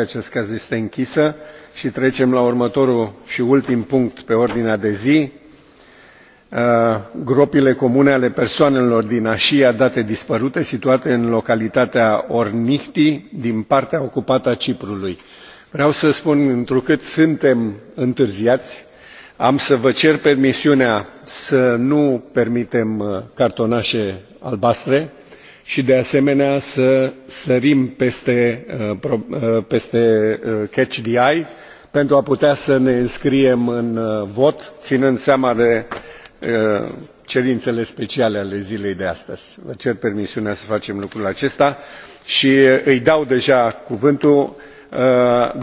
acest caz este închisă și trecem la următorul și ultim punct pe ordinea de zi uh, gropile comune ale persoanelor din ashia date dispărute situate în localitatea ornihti din partea ocupată a ciprului. vreau să spun întrucât suntem întârziați am să vă cer permisiunea să nu permitem uh, cartonașe albastre și de asemenea să sărim peste, uh, uh, uh, catch the eye pentru a putea să ne înscriem în vot ținând seama de cerințele speciale ale zilei de astăzi. vă cer permisiunea să facem lucrul acesta și îi dau deja cuvântul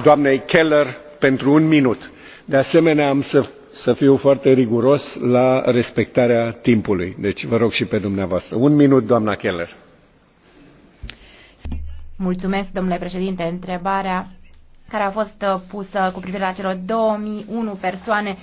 doamnei keller pentru un minut. de asemenea am să, să fiu foarte riguros la respectarea timpului deci vă rog și pe dumneavoastră. un minut doamna keller. Mulțumesc, domnule președinte. Întrebarea care a fost uh, pusă cu privire la celor 2001 persoane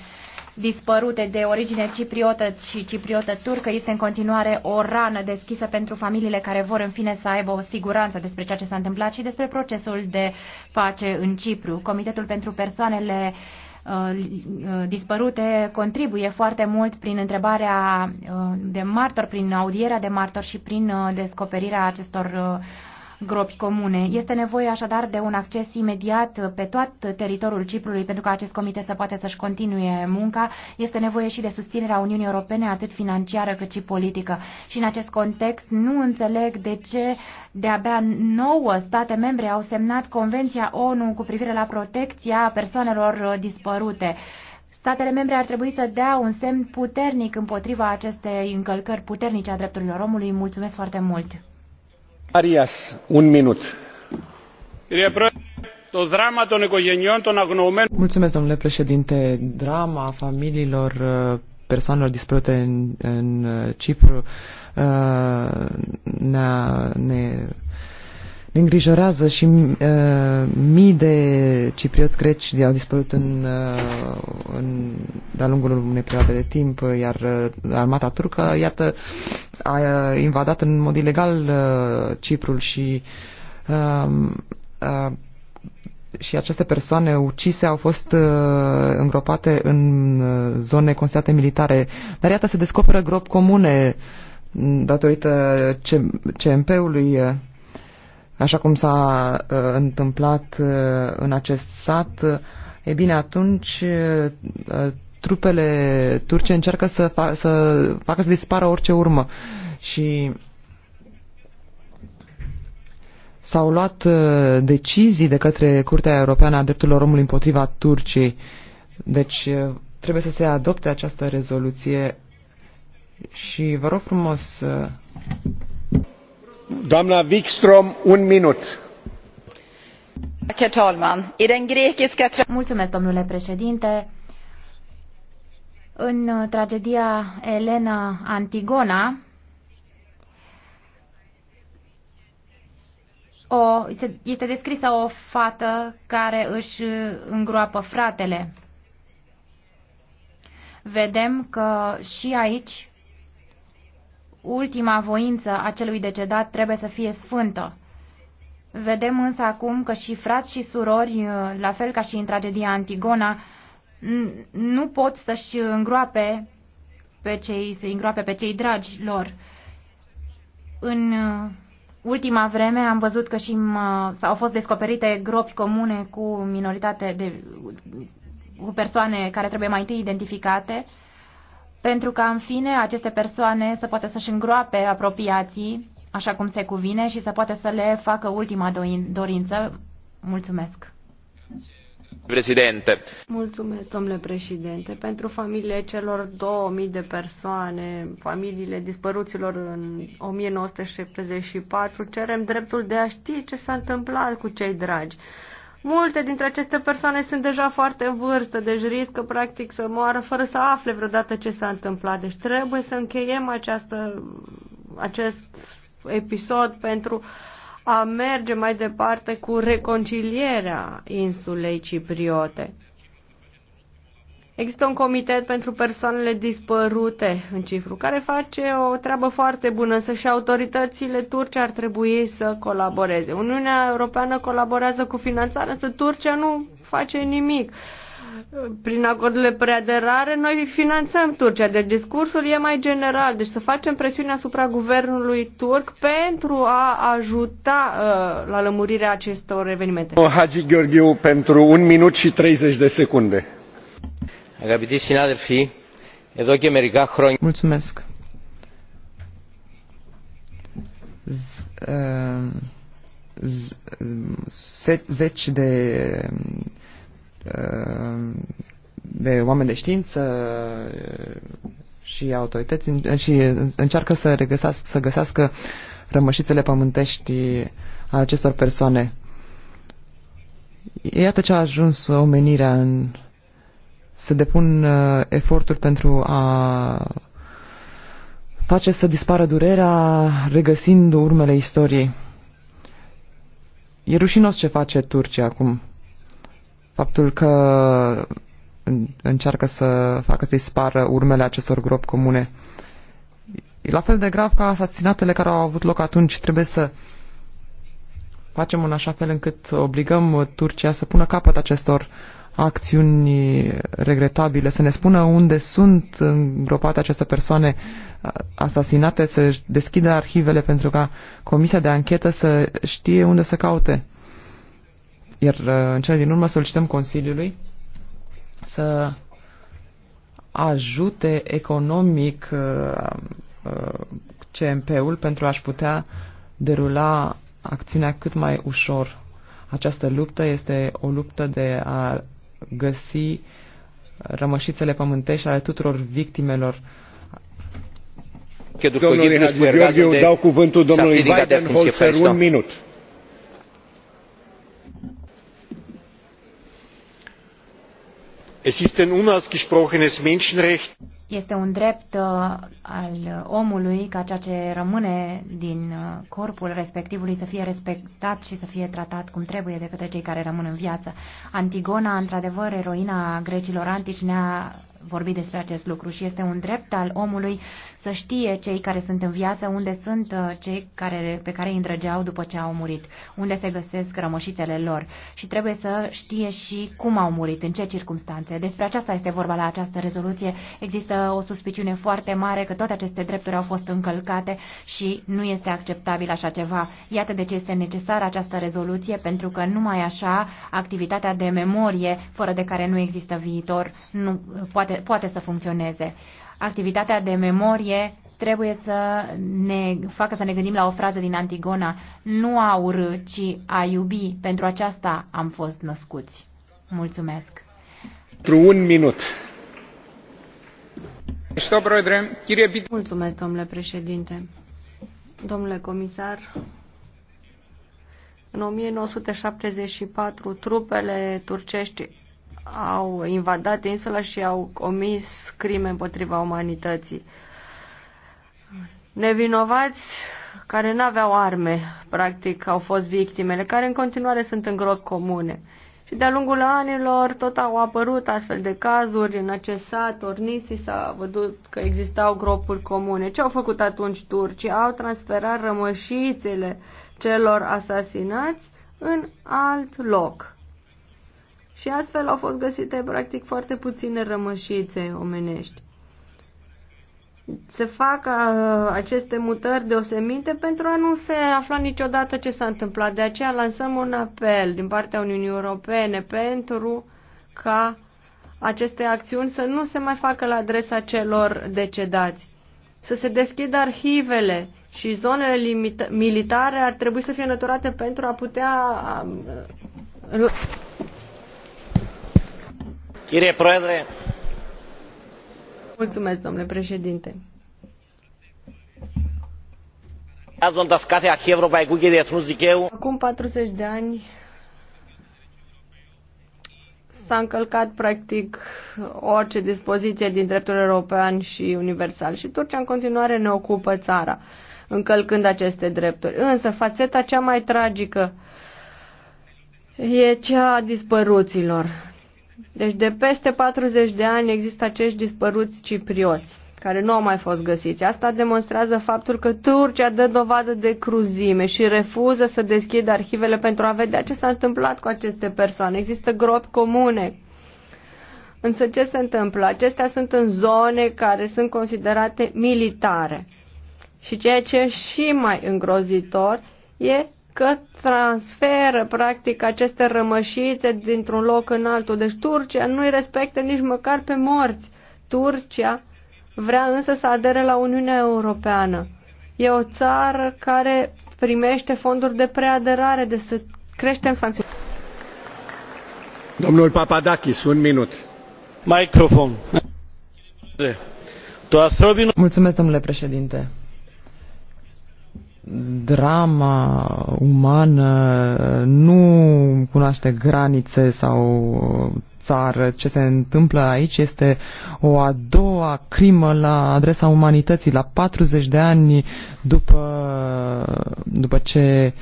dispărute de origine cipriotă și cipriotă turcă este în continuare o rană deschisă pentru familiile care vor în fine să aibă o siguranță despre ceea ce s-a întâmplat și despre procesul de pace în Cipru. Comitetul pentru persoanele uh, uh, dispărute contribuie foarte mult prin întrebarea de martor, prin audierea de martor și prin descoperirea acestor gropi comune. Este nevoie așadar de un acces imediat pe tot teritoriul Ciprului pentru ca acest comitet să poată să-și continue munca. Este nevoie și de susținerea Uniunii Europene, atât financiară cât și politică. Și în acest context nu înțeleg de ce de-abia nouă state membre au semnat Convenția ONU cu privire la protecția persoanelor dispărute. Statele membre ar trebui să dea un semn puternic împotriva acestei încălcări puternice a drepturilor omului. Mulțumesc foarte mult! Arias, un minut. Mulțumesc, domnule președinte. Drama familiilor uh, persoanelor dispărute în, uh, Cipru uh, ne, ne ne îngrijorează și uh, mii de ciprioți greci au dispărut în, uh, în, de-a lungul unei perioade de timp, iar uh, armata turcă, iată, a uh, invadat în mod ilegal uh, Ciprul și uh, uh, și aceste persoane ucise au fost uh, îngropate în uh, zone considerate militare. Dar iată, se descoperă grop comune mm, datorită CMP-ului. Uh, așa cum s-a uh, întâmplat uh, în acest sat, uh, e bine, atunci trupele turce încearcă să, fa- să facă să dispară orice urmă și s-au luat decizii de către Curtea Europeană a Drepturilor Omului împotriva Turciei. Deci trebuie să se adopte această rezoluție și vă rog frumos domnule președinte în tragedia elena antigona este descrisă o fată care își îngroapă fratele. Vedem că și aici ultima voință a celui decedat trebuie să fie sfântă. Vedem însă acum că și frați și surori, uh, la fel ca și în tragedia Antigona, nu pot să-și îngroape pe cei, să îngroape pe cei dragi lor. În uh, ultima vreme am văzut că și uh, au fost descoperite gropi comune cu minoritate de cu persoane care trebuie mai întâi identificate pentru ca, în fine, aceste persoane să poată să-și îngroape apropiații, așa cum se cuvine, și să poată să le facă ultima dorință. Mulțumesc! Președinte. Mulțumesc, domnule președinte. Pentru familiile celor 2000 de persoane, familiile dispăruților în 1974, cerem dreptul de a ști ce s-a întâmplat cu cei dragi. Multe dintre aceste persoane sunt deja foarte în vârstă, deci riscă practic să moară fără să afle vreodată ce s-a întâmplat. Deci trebuie să încheiem această, acest episod pentru a merge mai departe cu reconcilierea insulei cipriote. Există un comitet pentru persoanele dispărute în cifru, care face o treabă foarte bună, însă și autoritățile turce ar trebui să colaboreze. Uniunea Europeană colaborează cu finanțarea, însă Turcia nu face nimic. Prin acordurile preaderare, noi finanțăm Turcia, deci discursul e mai general. Deci să facem presiune asupra guvernului turc pentru a ajuta uh, la lămurirea acestor evenimente. Hagi Gheorghiu, pentru un minut și 30 de secunde. Mulțumesc. Zeci de, de oameni de știință și autorități și încearcă să, regăsească, să găsească rămășițele pământești a acestor persoane. Iată ce a ajuns omenirea în se depun uh, eforturi pentru a face să dispară durerea, regăsind urmele istoriei. E rușinos ce face Turcia acum. Faptul că încearcă să facă să dispară urmele acestor gropi comune. E la fel de grav ca asasinatele care au avut loc atunci. Trebuie să uh, facem în așa fel încât obligăm Turcia să pună capăt acestor acțiuni regretabile, să ne spună unde sunt îngropate aceste persoane asasinate, să deschidă arhivele pentru ca comisia de anchetă să știe unde să caute. Iar uh, în cele din urmă solicităm Consiliului să ajute economic uh, uh, CMP-ul pentru a-și putea derula acțiunea cât mai ușor. Această luptă este o luptă de a găsi rămășițele pământești ale tuturor victimelor eu dau cuvântul domnului Weidenholzer un minut. es ist ein unausgesprochenes menschenrecht este un drept uh, al omului ca ceea ce rămâne din uh, corpul respectivului să fie respectat și să fie tratat cum trebuie de către cei care rămân în viață. Antigona, într-adevăr, eroina grecilor antici, ne-a vorbit despre acest lucru și este un drept al omului să știe cei care sunt în viață unde sunt uh, cei care, pe care îi îndrăgeau după ce au murit, unde se găsesc rămășițele lor și trebuie să știe și cum au murit, în ce circunstanțe. Despre aceasta este vorba la această rezoluție. Există o suspiciune foarte mare că toate aceste drepturi au fost încălcate și nu este acceptabil așa ceva. Iată de ce este necesară această rezoluție, pentru că numai așa activitatea de memorie, fără de care nu există viitor, nu, poate, poate să funcționeze activitatea de memorie trebuie să ne facă să ne gândim la o frază din Antigona, nu a urâ, ci a iubi, pentru aceasta am fost născuți. Mulțumesc. Pentru un minut. Mulțumesc, domnule președinte. Domnule comisar, în 1974, trupele turcești au invadat insula și au comis crime împotriva umanității. Nevinovați care nu aveau arme, practic, au fost victimele, care în continuare sunt în gropi comune. Și de-a lungul anilor tot au apărut astfel de cazuri în acest sat, Ornisi s-a văzut că existau gropuri comune. Ce au făcut atunci turcii? Au transferat rămășițele celor asasinați în alt loc și astfel au fost găsite practic foarte puține rămășițe omenești. Se fac uh, aceste mutări deosebite pentru a nu se afla niciodată ce s-a întâmplat. De aceea lansăm un apel din partea Uniunii Europene pentru ca aceste acțiuni să nu se mai facă la adresa celor decedați. Să se deschidă arhivele și zonele militare ar trebui să fie înăturate pentru a putea um, Mulțumesc, domnule președinte. Acum 40 de ani s-a încălcat practic orice dispoziție din dreptul european și universal și Turcia în continuare ne ocupă țara încălcând aceste drepturi. Însă fațeta cea mai tragică e cea a dispăruților. Deci de peste 40 de ani există acești dispăruți ciprioți care nu au mai fost găsiți. Asta demonstrează faptul că Turcia dă dovadă de cruzime și refuză să deschidă arhivele pentru a vedea ce s-a întâmplat cu aceste persoane. Există gropi comune. Însă ce se întâmplă? Acestea sunt în zone care sunt considerate militare. Și ceea ce e și mai îngrozitor e că transferă practic aceste rămășițe dintr-un loc în altul. Deci Turcia nu-i respectă nici măcar pe morți. Turcia vrea însă să adere la Uniunea Europeană. E o țară care primește fonduri de preaderare, de să creștem sancțiunile. Domnul Papadakis, un minut. Microfon. Mulțumesc, domnule președinte drama umană nu cunoaște granițe sau țară. Ce se întâmplă aici este o a doua crimă la adresa umanității, la 40 de ani după, după ce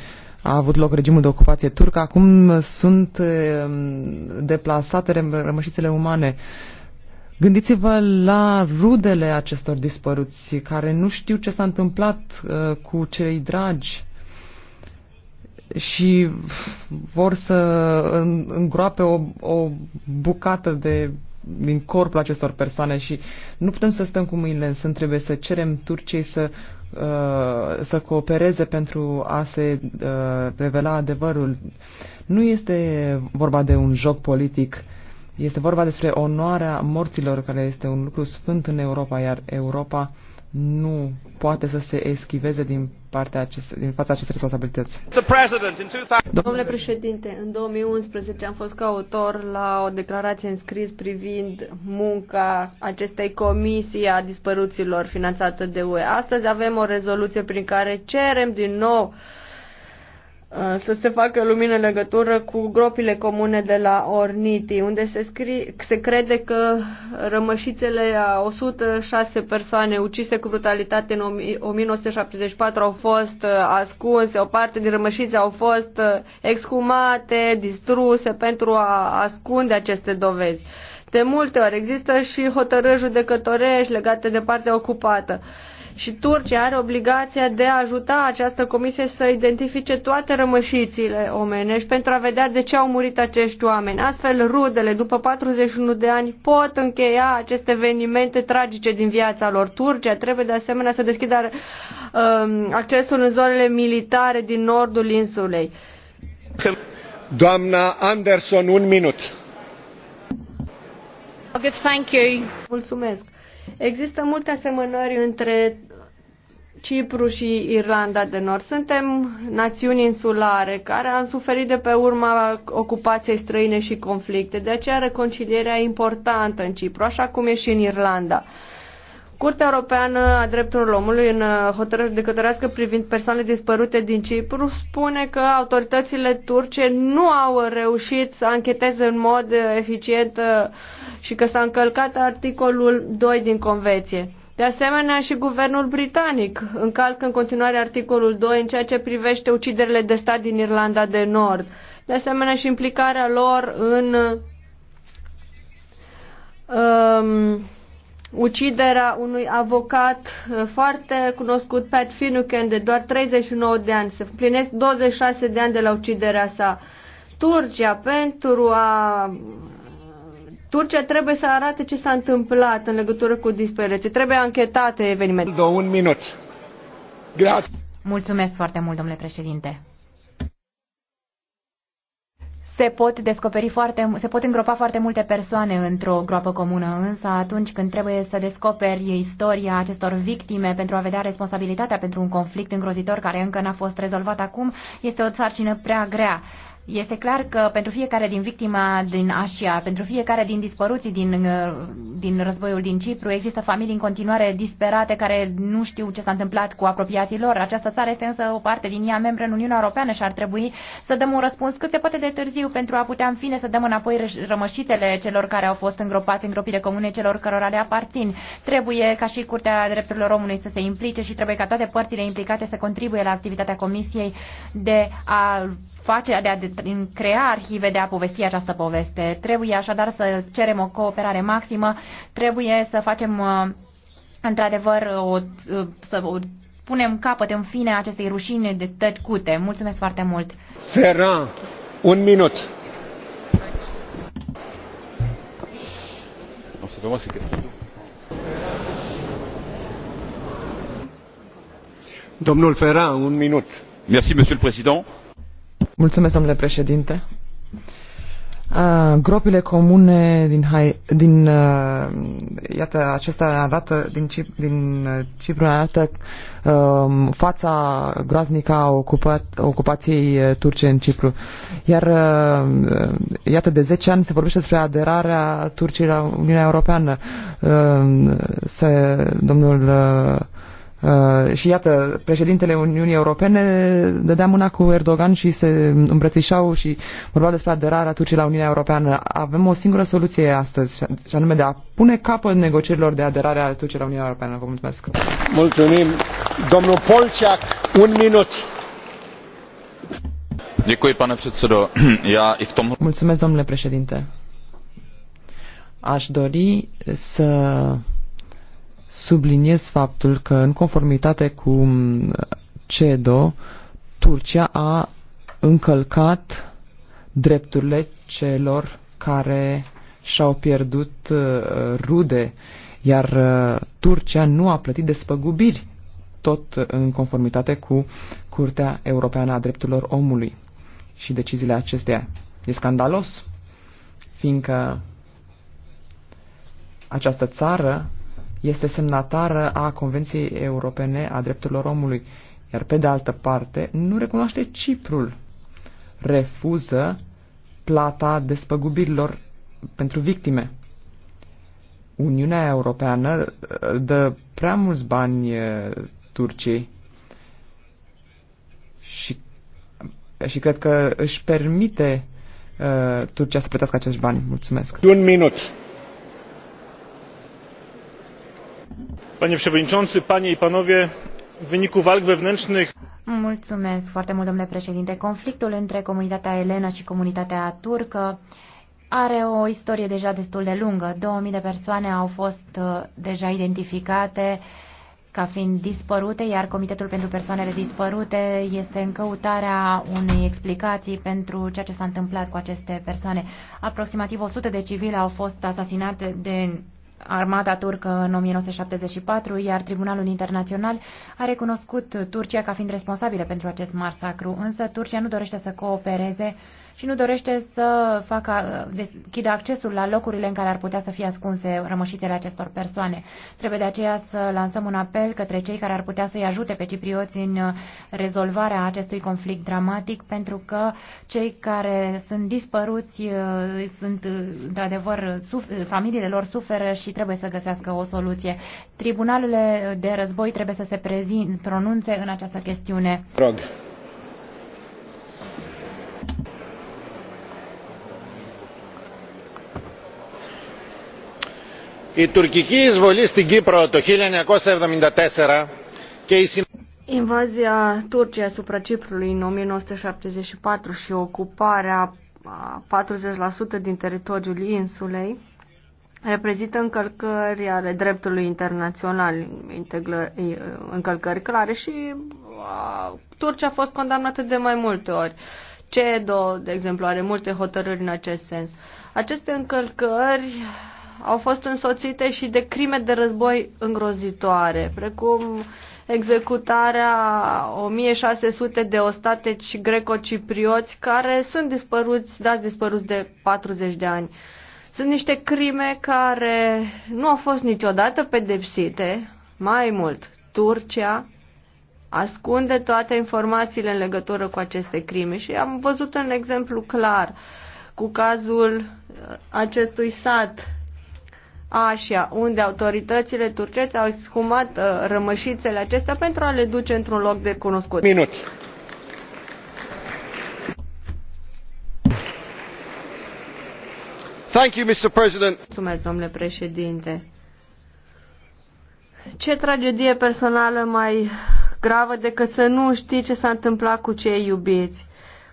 a avut loc regimul de ocupație turcă. Acum sunt um, deplasate rămășițele umane. Uh, Gândiți-vă la rudele acestor dispăruți care nu știu ce s-a întâmplat uh, cu cei dragi și vor să îngroape o, o bucată de din corpul acestor persoane și nu putem să stăm cu mâinile în sân, trebuie să cerem Turciei să, uh, să coopereze pentru a se uh, revela adevărul. Nu este vorba de un joc politic uh, este vorba despre onoarea morților, care este un lucru sfânt în Europa, iar Europa nu poate să se eschiveze din, partea acest, din fața acestei responsabilități. Domnule președinte, în 2011 am fost ca autor la o declarație în scris privind munca acestei comisii a dispăruților finanțată de UE. Astăzi avem o rezoluție prin care cerem din nou uh, Uh, să se facă lumină în legătură cu gropile comune de la Orniti, unde se, scrie, se crede că rămășițele a 106 persoane ucise cu brutalitate în 1974 au fost uh, ascunse, o parte din rămășițe au fost uh, exhumate, distruse pentru a ascunde aceste dovezi. De multe ori există și hotărâri judecătorești legate de partea ocupată. Uh, și Turcia are obligația de a ajuta această comisie să identifice toate rămășițile omenești pentru a vedea de ce au murit acești oameni. Astfel, rudele, după 41 de ani, pot încheia aceste evenimente tragice din viața lor. Turcia trebuie de asemenea să deschidă um, accesul în zonele militare din nordul insulei. Doamna Anderson, un minut. Mulțumesc. Există multe asemănări între Cipru și Irlanda de Nord. Suntem națiuni insulare care am suferit de pe urma ocupației străine și conflicte. De aceea reconcilierea e importantă în Cipru, așa cum e și în Irlanda. Curtea Europeană a Drepturilor Omului, în uh, hotărâri judecătorească privind persoanele dispărute din Cipru, spune că autoritățile turce nu au reușit să ancheteze în mod uh, eficient uh, și că s-a încălcat articolul 2 din Convenție. De asemenea, și guvernul britanic încalcă în continuare articolul 2 în ceea ce privește uciderile de stat din Irlanda de Nord. De asemenea, și implicarea lor în um, uciderea unui avocat uh, foarte cunoscut, Pat Finucane, de doar 39 de ani. Se împlinesc 26 de ani de la uciderea sa. Turcia, pentru a... Turcia trebuie să arate ce s-a întâmplat în legătură cu dispariție. Trebuie anchetate evenimente. Două un minut. Grazie. Mulțumesc foarte mult, domnule președinte se pot descoperi foarte, se pot îngropa foarte multe persoane într-o groapă comună, însă atunci când trebuie să descoperi istoria acestor victime pentru a vedea responsabilitatea pentru un conflict îngrozitor care încă n-a fost rezolvat acum, este o sarcină prea grea. Este clar că pentru fiecare din victima din Asia, pentru fiecare din dispăruții din, uh, din războiul din Cipru, există familii în continuare disperate care nu știu ce s-a întâmplat cu apropiații lor. Această țară este însă o parte din ea membră în Uniunea Europeană și ar trebui să dăm un răspuns cât se poate de târziu pentru a putea în fine să dăm înapoi rămășitele celor care au fost îngropați în gropile comune celor cărora le aparțin. Trebuie ca și Curtea Drepturilor Omului să se implice și trebuie ca toate părțile implicate să contribuie la activitatea Comisiei de a face, de a prin crea arhive de a povesti această poveste. Trebuie așadar să cerem o cooperare maximă, trebuie să facem uh, într-adevăr o, uh, să o punem capăt în fine acestei rușine de tăcute. Mulțumesc foarte mult! Ferran, un minut! On Domnul Ferran, un minut. Mersi, Monsieur le Président Mulțumesc, domnule președinte. Uh, gropile comune din, Hai, din uh, iată, acesta arată din, Cip, din Cipru arată uh, fața groaznică a ocupat, ocupației turce în Cipru. Iar uh, iată, de 10 ani se vorbește despre aderarea Turciei la Uniunea Europeană. Uh, se, domnul uh, Uh, și iată, președintele Uniunii Europene dădea mâna cu Erdogan și se îmbrățișau și vorba despre aderarea Turciei la Uniunea Europeană. Avem o singură soluție astăzi, și anume de a pune capăt negocierilor de aderare a Turciei la Uniunea Europeană. Vă mulțumesc. Mulțumim. Domnul Polciac, un minut. Děkuji, pane předsedo. Já i v Mulțumesc, domnule președinte. Aș dori să subliniez faptul că, în conformitate cu mm, CEDO, Turcia a încălcat drepturile celor care și-au pierdut uh, rude, iar uh, Turcia nu a plătit despăgubiri, tot uh, în conformitate cu Curtea Europeană a Drepturilor Omului și deciziile acesteia. E scandalos, fiindcă această țară este semnatară a Convenției Europene a Drepturilor Omului, iar pe de altă parte nu recunoaște Ciprul. Refuză plata despăgubirilor pentru victime. Uniunea Europeană uh, dă prea mulți bani uh, Turciei și, și cred că își permite uh, Turcia să plătească acești bani. Mulțumesc. Un minut. panie przewodniczący panie i panowie! w wyniku walk wewnętrznych Mulțumesc foarte mult, domnule președinte. Conflictul între comunitatea elenă și comunitatea turcă are o istorie deja destul de lungă. 2000 de persoane au fost uh, deja identificate ca fiind dispărute, iar Comitetul pentru Persoanele Dispărute este în căutarea unei explicații pentru ceea ce s-a întâmplat cu aceste persoane. Aproximativ 100 de civili au fost asasinate de armata turcă în 1974, iar Tribunalul Internațional a recunoscut Turcia ca fiind responsabilă pentru acest masacru, însă Turcia nu dorește să coopereze uh, și nu dorește să facă, deschidă accesul la locurile în care ar putea să fie ascunse rămășițele acestor persoane. Trebuie de aceea să lansăm un apel către cei care ar putea să-i ajute pe ciprioți în rezolvarea acestui conflict dramatic, pentru că cei care sunt dispăruți uh, sunt, uh, într-adevăr, uh, familiile lor suferă și trebuie să găsească o soluție. Tribunalele de război trebuie să se prezint, pronunțe în această chestiune. Drag. η τουρκική εισβολή στην Κύπρο το 1974 και η Invazia Ciprului în 1974 și ocuparea a 40% din teritoriul insulei reprezintă încălcări ale dreptului internațional, încălcări clare și a, Turcia a fost condamnată de mai multe ori. CEDO, de exemplu, are multe hotărâri în acest sens. Aceste încălcări au fost însoțite și de crime de război îngrozitoare, precum executarea 1600 de ostateci greco-ciprioți care sunt dispăruți, dați dispăruți de 40 de ani. Sunt niște crime care nu au fost niciodată pedepsite. Mai mult, Turcia ascunde toate informațiile în legătură cu aceste crime și am văzut un exemplu clar cu cazul uh, acestui sat Asia, unde autoritățile turceți au exhumat uh, rămășițele acestea pentru a le duce într-un loc de cunoscut. Minut. Thank you, Mr. President. Mulțumesc, domnule președinte. Ce tragedie personală mai gravă decât să nu știi ce s-a întâmplat cu cei iubiți.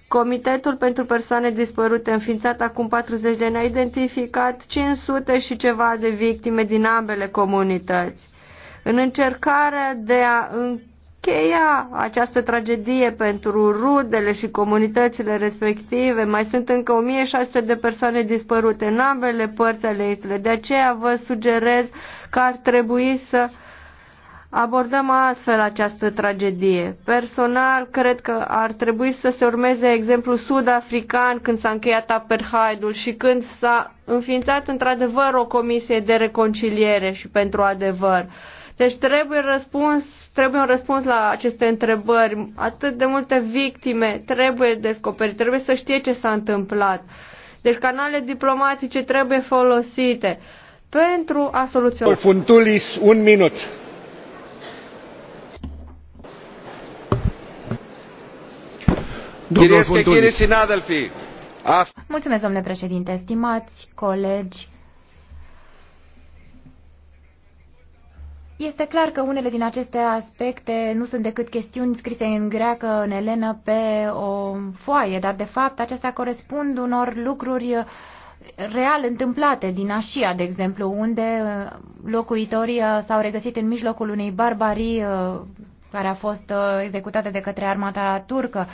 Comitetul pentru persoane dispărute înființat acum 40 de ani a identificat 500 și ceva de victime din ambele comunități. În încercarea de a încheia această tragedie pentru rudele și comunitățile respective, mai sunt încă 1600 de persoane dispărute în ambele părți ale insulei. De aceea vă sugerez că ar trebui să abordăm astfel această tragedie. Personal, cred că ar trebui să se urmeze exemplul sud-african când s-a încheiat apartheidul și când s-a înființat într-adevăr o comisie de reconciliere și pentru adevăr. Deci trebuie răspuns, trebuie un răspuns la aceste întrebări. Atât de multe victime trebuie descoperite, trebuie să știe ce s-a întâmplat. Deci canale diplomatice trebuie folosite pentru a soluționa. Funtulis, un minut. Mulțumesc, domnule președinte, stimați colegi. Este clar că unele din aceste aspecte nu sunt decât chestiuni scrise în greacă, în elenă, pe o foaie, dar de fapt acestea corespund unor lucruri real întâmplate din Așia, de exemplu, unde uh, locuitorii uh, s-au regăsit în mijlocul unei barbarii uh, care a fost executată de către armata turcă.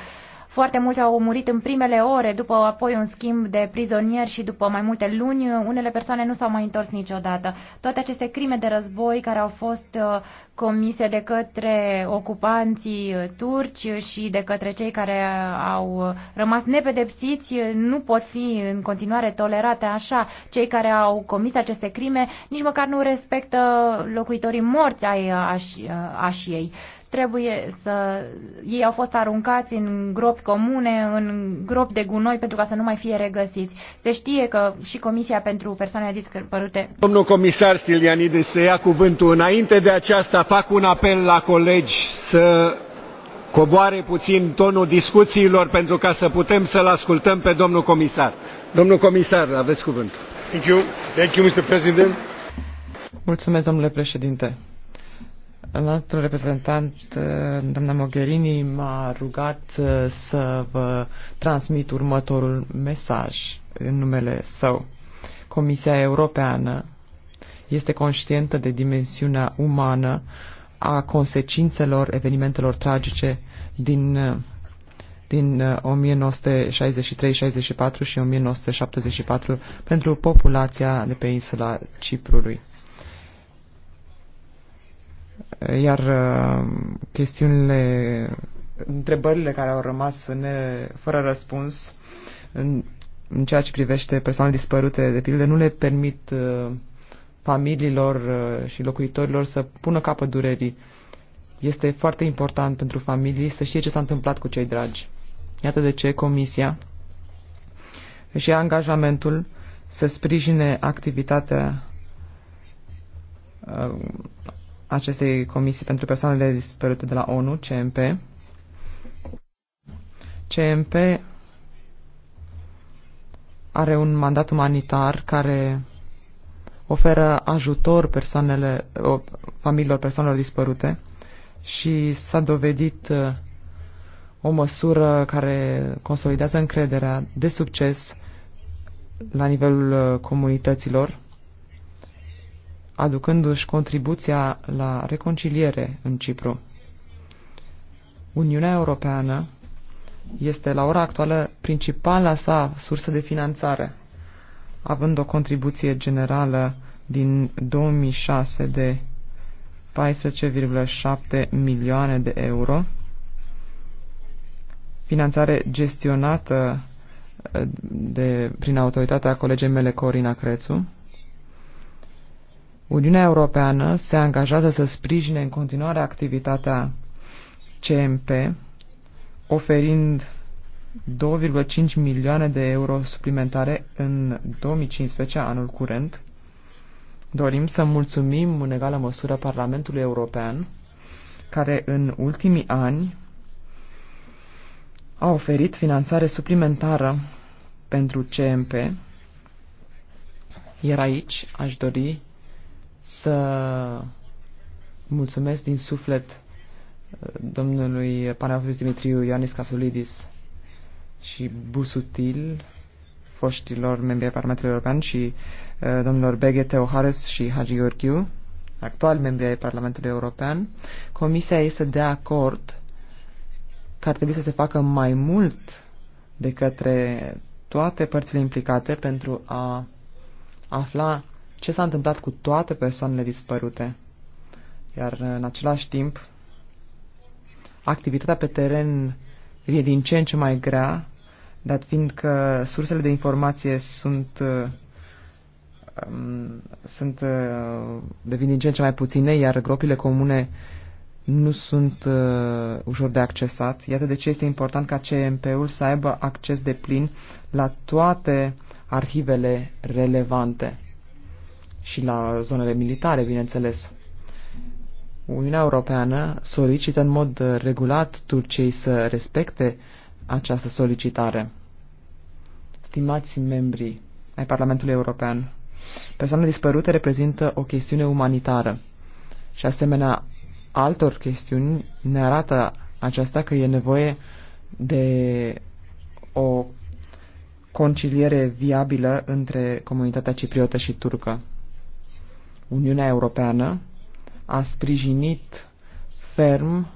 Foarte mulți au murit în primele ore, după apoi un schimb de prizonieri și după mai multe luni, unele persoane nu s-au mai întors niciodată. Toate aceste crime de război care au fost uh, comise de către ocupanții uh, turci și de către cei care uh, au rămas nepedepsiți nu pot fi în continuare tolerate așa. Cei care au comis aceste crime nici măcar nu respectă locuitorii morți ai aș, așiei. Trebuie să... Ei au fost aruncați în gropi comune, în gropi de gunoi, pentru ca să nu mai fie regăsiți. Se știe că și Comisia pentru Persoane Discărpărute... Domnul comisar Stilianidis să ia cuvântul. Înainte de aceasta fac un apel la colegi să coboare puțin tonul discuțiilor pentru ca să putem să l ascultăm pe domnul comisar. Domnul comisar, aveți cuvântul. Mulțumesc, domnule președinte. Înaltul reprezentant, uh, doamna Mogherini, m-a rugat uh, să vă transmit următorul mesaj în numele său. Comisia Europeană este conștientă de dimensiunea umană a consecințelor evenimentelor tragice din, uh, din 1963-64 și 1974 pentru populația de pe insula Ciprului. Iar uh, chestiunile, întrebările care au rămas ne, fără răspuns în, în ceea ce privește persoanele dispărute, de pildă, nu le permit uh, familiilor uh, și locuitorilor să pună capăt durerii. Este foarte important pentru familii să știe ce s-a întâmplat cu cei dragi. Iată de ce Comisia și angajamentul să sprijine activitatea acestei comisii pentru persoanele dispărute de la ONU, CMP. CMP are un mandat umanitar care oferă ajutor persoanele, familiilor persoanelor dispărute și s-a dovedit uh, o măsură care consolidează încrederea de succes la nivelul uh, comunităților aducându-și contribuția la reconciliere în Cipru. Uniunea Europeană este la ora actuală principala sa sursă de finanțare, având o contribuție generală din 2006 de 14,7 milioane de euro, finanțare gestionată eh, de, prin autoritatea colegei mele Corina Crețu, Uniunea Europeană se angajează să sprijine în continuare activitatea CMP, oferind 2,5 milioane de euro suplimentare în 2015, anul curent. Dorim să mulțumim în egală măsură Parlamentului European, care în ultimii ani a oferit finanțare suplimentară pentru CMP, iar aici aș dori să mulțumesc din suflet uh, domnului Panafis Dimitriu Ioanis Casulidis și Busutil, foștilor membri ai Parlamentului European și uh, domnilor Beghe Teohares și Hagi Gheorghiu, actual membri ai Parlamentului European, Comisia este de acord că ar trebui să se facă mai mult de către toate părțile implicate pentru a afla ce s-a întâmplat cu toate persoanele dispărute. Iar în același timp, activitatea pe teren e din ce în ce mai grea, dat fiind că sursele de informație sunt, um, sunt uh, devin din ce în ce mai puține, iar gropile comune nu sunt uh, ușor de accesat. Iată de ce este important ca CMP-ul să aibă acces de plin la toate arhivele relevante și la zonele militare, bineînțeles. Uniunea Europeană solicită în mod uh, regulat Turciei să respecte această solicitare. Stimați membrii ai Parlamentului European, persoanele dispărute reprezintă o chestiune umanitară și asemenea altor chestiuni ne arată aceasta că e nevoie de o conciliere viabilă între comunitatea cipriotă și turcă. Uniunea Europeană a sprijinit ferm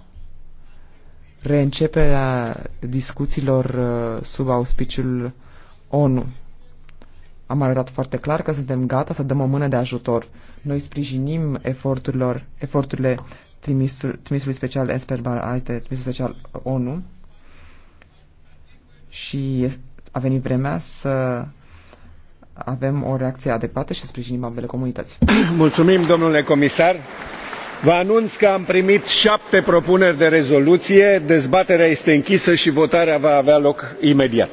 reînceperea discuțiilor uh, sub auspiciul ONU. Am arătat foarte clar că suntem gata să dăm o mână de ajutor. Noi sprijinim eforturilor, eforturile trimisul, trimisului special Esper Barate, trimisul special ONU și a venit vremea să avem o reacție adecvată și sprijinim ambele comunități. Mulțumim, domnule comisar. Vă anunț că am primit șapte propuneri de rezoluție. Dezbaterea este închisă și votarea va avea loc imediat.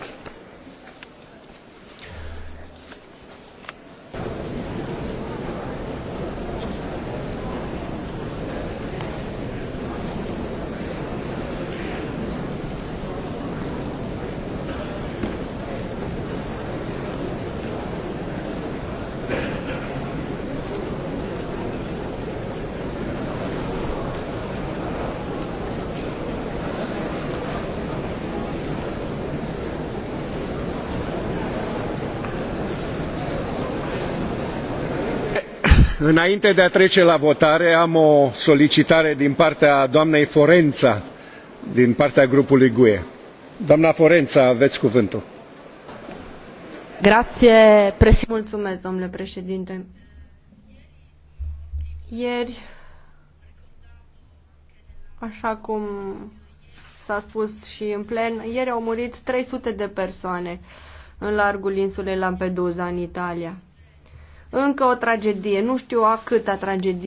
înainte de a trece la votare am o solicitare din partea doamnei forenza din partea grupului gue. doamna forenza aveți cuvântul. Grație, Mulțumesc, domnule președinte ieri așa cum s-a spus și în plen, ieri au murit 300 de persoane în largul insulei Lampedusa, în Italia. Încă o tragedie, nu știu a câta tragedie.